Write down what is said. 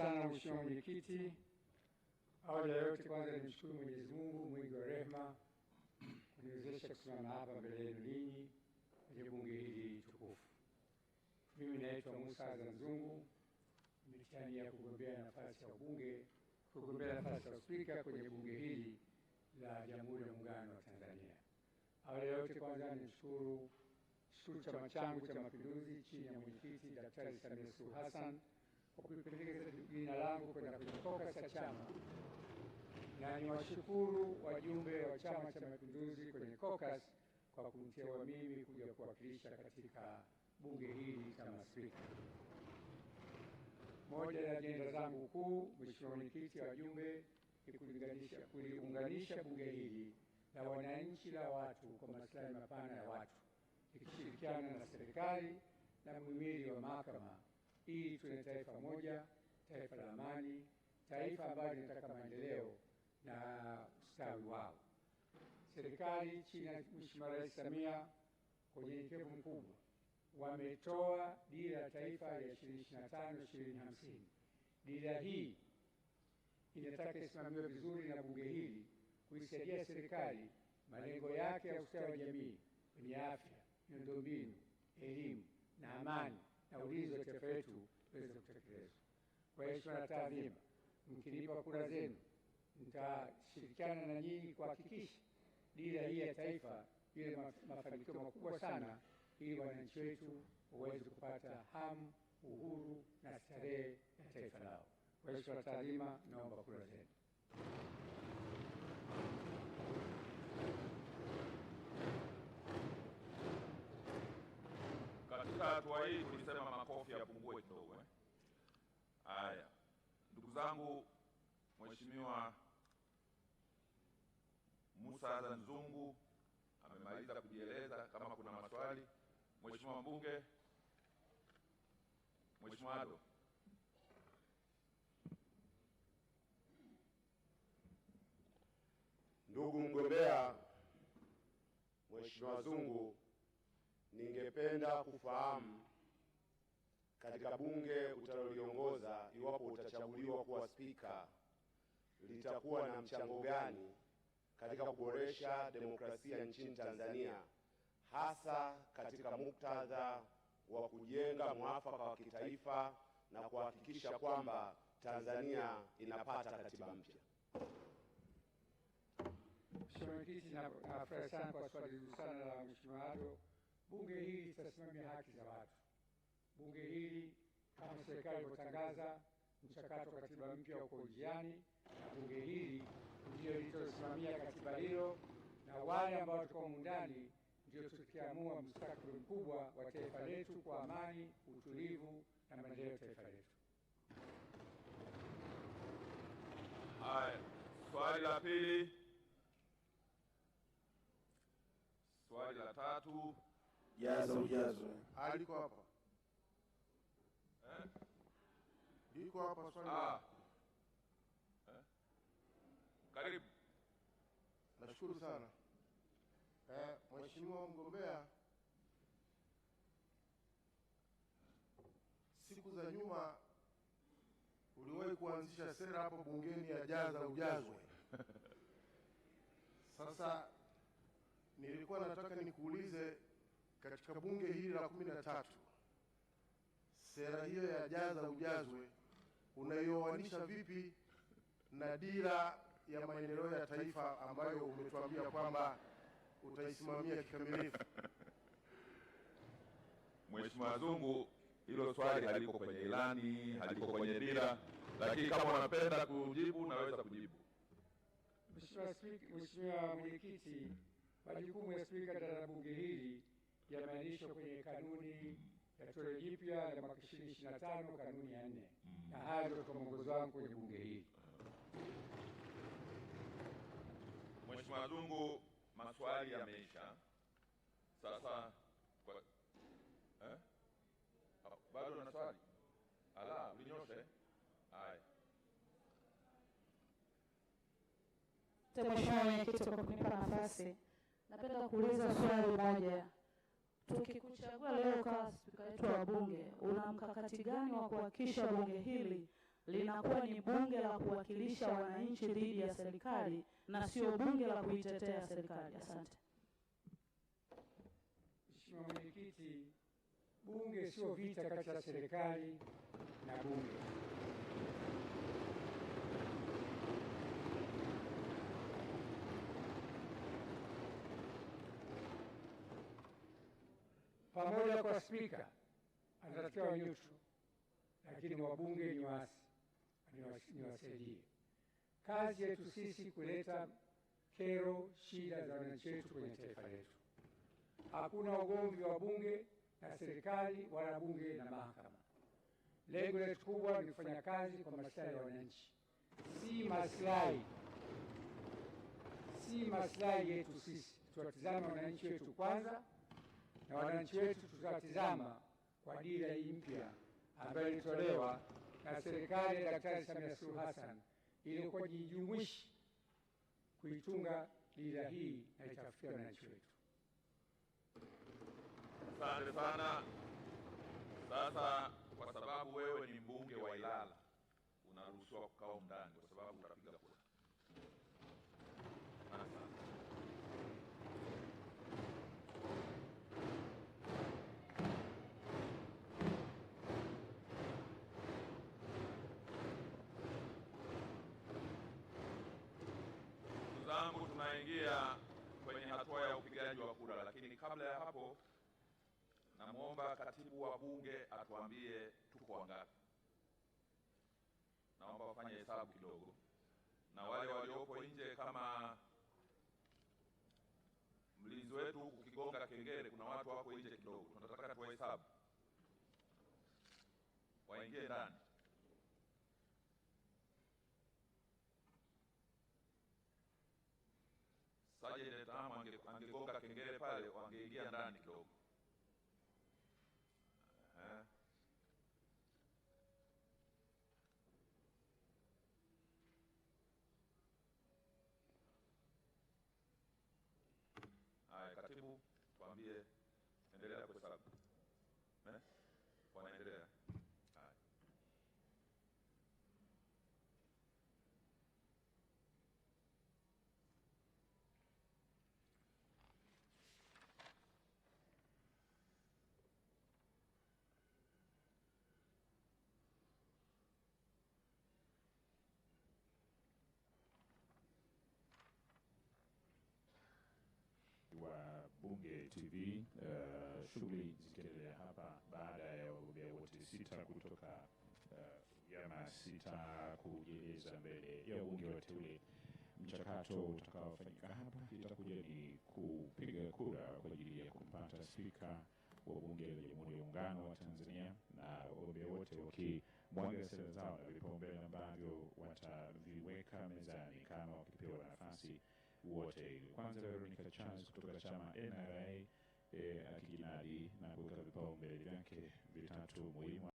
sana Mheshimiwa Mwenyekiti. Awali ya yote, kwanza nimshukuru Mwenyezi Mungu mwingi wa rehema kuniwezesha kusimama hapa mbele yenu ninyi kwenye bunge hili tukufu. Mimi naitwa Musa Azan Zungu, nitania kugombea nafasi ya ubunge, kugombea nafasi ya spika kwenye bunge hili la Jamhuri ya Muungano wa Tanzania. Awali ya yote, kwanza nimshukuru shukuru chama changu cha Mapinduzi chini ya mwenyekiti Daktari Samia Suluhu Hassan kupeleka jina langu kwenda kutoka cha chama, na niwashukuru wajumbe wa Chama cha Mapinduzi kwenye caucus kwa kuniteua mimi kuja kuwakilisha katika bunge hili kama spika. Moja ya ajenda zangu kuu, Mheshimiwa Mwenyekiti, wajumbe, ni kuliunganisha bunge hili la wananchi la watu kwa maslahi mapana ya watu, ikishirikiana na serikali na muhimili wa mahakama ili tuwe taifa moja, taifa la amani, taifa ambalo linataka maendeleo na ustawi wao. Serikali chini ya Mheshimiwa Rais Samia kwa unyenyekevu mkubwa wametoa dira ya taifa ya 2025 2050. Dira hii inataka isimamiwe vizuri na bunge hili kuisaidia serikali malengo yake ya ustawi wa jamii kwenye afya, miundombinu, elimu na amani na ulinzi wa taifa letu uweze kutekelezwa. Kwa heshima na taadhima, mkinipa kura zenu, nitashirikiana na nyinyi kuhakikisha dira hii ya taifa ile mafanikio makubwa sana, ili wananchi wetu waweze kupata hamu, uhuru na starehe ya taifa lao. Kwa heshima na taadhima, naomba kura zenu. hatua hii tulisema makofi yapungue kidogo eh. Haya, ndugu zangu, Mheshimiwa Musa Azan Zungu amemaliza kujieleza. Kama kuna maswali, Mheshimiwa mbunge, Mheshimiwa Ado. Ndugu mgombea Mheshimiwa Zungu ningependa kufahamu katika bunge utaloliongoza, iwapo utachaguliwa kuwa spika, litakuwa na mchango gani katika kuboresha demokrasia nchini Tanzania, hasa katika muktadha wa kujenga mwafaka wa kitaifa na kuhakikisha kwamba Tanzania inapata katiba mpya. Mheshimiwa Mwenyekiti, nafurahi sana kwa swali sana la Mheshimiwa Ado. Bunge hili litasimamia haki za watu. Bunge hili kama serikali ilivyotangaza, mchakato wa katiba mpya uko njiani, na bunge hili ndio litosimamia katiba hilo, na wale ambao tuko mundani ndio tukiamua mustakabali mkubwa wa taifa letu kwa amani, utulivu na maendeleo ya taifa letu. Haya, swali la pili, swali la tatu jaza ujazo. Aliko hapa eh? Iko hapa swali ah. Eh? Karibu. Nashukuru sana eh, mheshimiwa mgombea, siku za nyuma uliwahi kuanzisha sera hapo bungeni ya jaza ujazwe. Sasa nilikuwa nataka nikuulize katika bunge hili la kumi na tatu sera hiyo ya jaza ujazwe unaioanisha vipi na dira ya maendeleo ya taifa ambayo umetuambia kwamba utaisimamia kikamilifu? Mheshimiwa Zungu, hilo swali haliko kwenye ilani, haliko kwenye dira, lakini kama unapenda kujibu naweza kujibu. Mheshimiwa Spika, Mheshimiwa Mwenyekiti, majukumu ya spika ndani ya bunge hili yameainishwa kwenye kanuni ya toleo jipya la mwaka ishirini na tano kanuni ya nne mm. na haya ndio kwa mwongozo wangu kwenye bunge hili. Mheshimiwa Zungu, maswali yameisha sasa kwa, eh? bado na swali ala ulinyoshe haya Mheshimiwa Mwenyekiti, kwa kunipa nafasi, napenda kuuliza swali moja tukikuchagua leo kama spika wetu wa bunge, una mkakati gani wa kuhakikisha bunge hili linakuwa ni bunge la kuwakilisha wananchi dhidi ya serikali na sio bunge la kuitetea serikali? Asante. Mheshimiwa Mwenyekiti, bunge sio vita kati ya serikali na bunge. Spika anatakiwa nyutru, lakini wabunge ni wasaidie. Kazi yetu sisi kuleta kero, shida za wananchi wetu kwenye taifa letu. Hakuna ugomvi wa bunge na serikali wala bunge na mahakama. Lengo letu kubwa ni kufanya kazi kwa maslahi ya wananchi, si maslahi si maslahi yetu sisi. Tuwatizame wananchi wetu kwanza na wananchi wetu tutatizama kwa dira hii mpya ambayo ilitolewa na serikali ya Daktari Samia Suluhu Hassan ili kujijumuishi kuitunga dira hii na itafikia wananchi wetu. Asante sana. Sasa kwa sababu wewe ni mbunge wa Ilala unaruhusiwa kukaa ndani. kabla ya hapo, namwomba katibu wa bunge atuambie tuko wangapi. Naomba wafanye hesabu kidogo, na wale waliopo nje, kama mlinzi wetu huku kigonga kengele, kuna watu wako nje kidogo, tunataka tuwahesabu waingie ndani. trying to go TV uh, eh, shughuli zikiendelea hapa baada ya wagombea wote sita kutoka eh, vyama uh, sita kujieleza mbele ya wabunge wateule. Mchakato utakaofanyika hapa itakuja ni kupiga kura kwa ajili ya kumpata spika wa bunge la Jamhuri ya Muungano wa Tanzania, na wagombea wote wakimwaga sera zao na vipaumbele ambavyo wataviweka mezani kama wakipewa nafasi wote kwanza Veronica Charles kutoka chama NRA e, eh, akinadi na kuweka vipaumbele vyake vitatu muhimu.